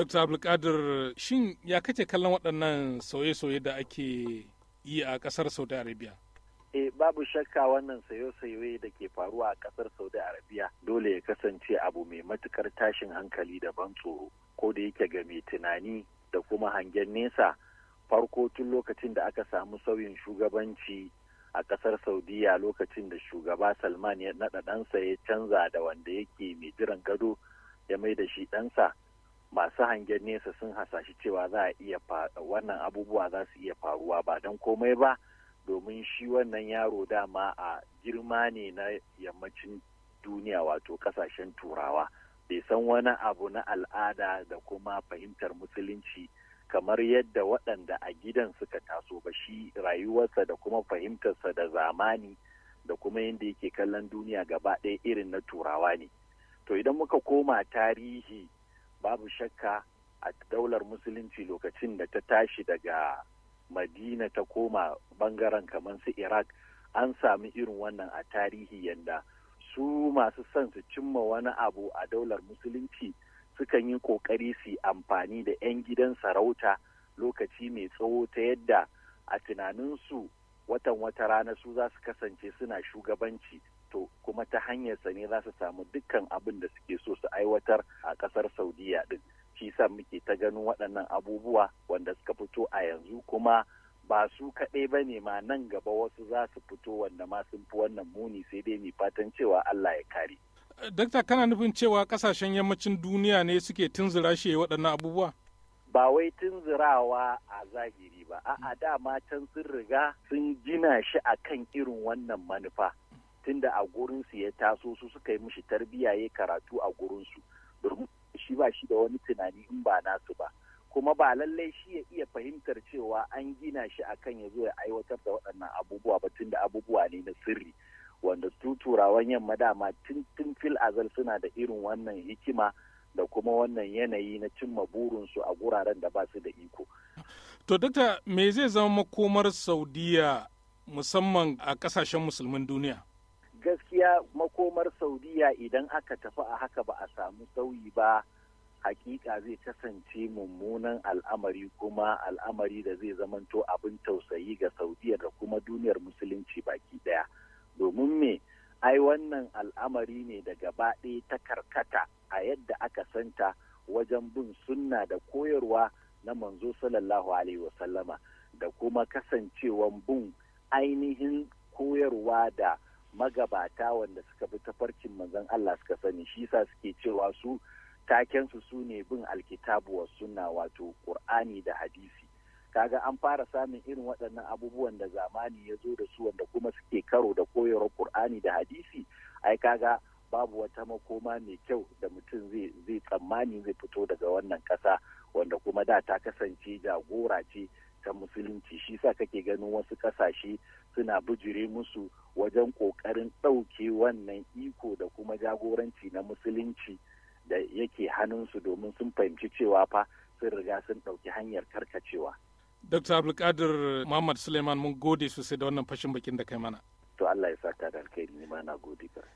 Dr. Abdulkadir shin ya kace kallon waɗannan sauye-sauye da ake yi a ƙasar Saudi Arabia? E babu shakka wannan sayo-sayo da ke faruwa a ƙasar Saudi Arabia dole ya kasance abu mai matukar tashin hankali da ban tsoro ko da yake ga mai tunani da kuma hangen nesa farko tun lokacin da aka samu sauyin shugabanci a ƙasar Saudiya lokacin da shugaba Salman ya naɗa ɗansa ya canza da wanda yake mai jiran gado ya mai da shi ɗansa masu hangen nesa sun hasashi cewa za a iya wannan abubuwa za su iya faruwa ba don komai ba domin shi wannan yaro dama a girma ne na yammacin duniya wato kasashen turawa bai san wani abu na al'ada da kuma fahimtar musulunci kamar yadda waɗanda a gidan suka taso ba shi rayuwarsa da kuma fahimtarsa da zamani da kuma yadda yake kallon duniya gaba ɗaya irin na turawa ne to idan muka koma tarihi babu shakka a daular musulunci lokacin da ta tashi daga madina ta koma bangaren kamar su iraq an sami irin wannan a tarihi yanda su masu son su cimma wani abu a daular musulunci sukan yi kokari su amfani da 'yan gidan sarauta lokaci mai tsawo ta yadda a tunaninsu watan wata rana su za su kasance suna shugabanci to kuma ta hanyarsa ne za su samu dukkan abin da suke so su aiwatar a ƙasar saudiya din shi sa muke ta ganin waɗannan abubuwa wanda suka fito a yanzu kuma ba su kaɗai ba ne ma nan gaba wasu za su fito wanda ma sun fi wannan muni sai dai mai fatan cewa Allah ya kare. Dakta kana nufin cewa ƙasashen yammacin duniya ne suke tunzura shi waɗannan abubuwa? Ba wai tunzurawa a zahiri ba a'a dama can sun riga sun gina shi a kan irin wannan manufa tunda a gurinsu ya taso su suka yi mishi tarbiyya ya karatu a gurinsu domin shi ba shi da wani tunani in ba nasu ba kuma ba lallai shi ya iya fahimtar cewa an gina shi a kan ya zo ya aiwatar da waɗannan abubuwa ba tunda abubuwa ne na sirri wanda su turawan yamma dama tun fil azal suna da irin wannan hikima da kuma wannan yanayi na cimma burinsu a guraren da ba su da iko To dakta me zai zama makomar Saudiya musamman a kasashen musulmin duniya? Gaskiya makomar Saudiya idan aka tafi a haka ba a samu sauyi ba hakika zai kasance mummunan al'amari kuma al'amari da zai zamanto abin tausayi ga Saudiya da kuma duniyar musulunci baki daya. Domin me ai wannan al'amari ne da gaba ɗaya ta karkata a yadda aka santa wajen bin sunna da koyarwa na manzo sallallahu alaihi wasallama da kuma kasancewan bin ainihin koyarwa da magabata wanda suka bi tafarkin manzon Allah suka sani shi sa suke cewa su takensu su ne bin alkitabu wa sunna wato qur'ani da hadisi kaga an fara samun irin waɗannan abubuwan da zamani ya zo da su wanda kuma suke karo da koyarwar qur'ani da hadisi ai kaga babu wata makoma mai kyau da mutum zai tsammani zai fito daga wannan ƙasa wanda kuma da ta kasance jagora ce ta musulunci shi sa kake ganin wasu kasashe suna bijire musu wajen ƙoƙarin ɗauke wannan iko da kuma jagoranci na musulunci da yake hannunsu domin sun fahimci cewa fa sun riga sun ɗauki hanyar karkacewa. Dr. Abdulkadir Muhammad Suleiman mun gode sosai da wannan fashin bakin da kai mana. To Allah ya sa ta da alkhairi ni ma na gode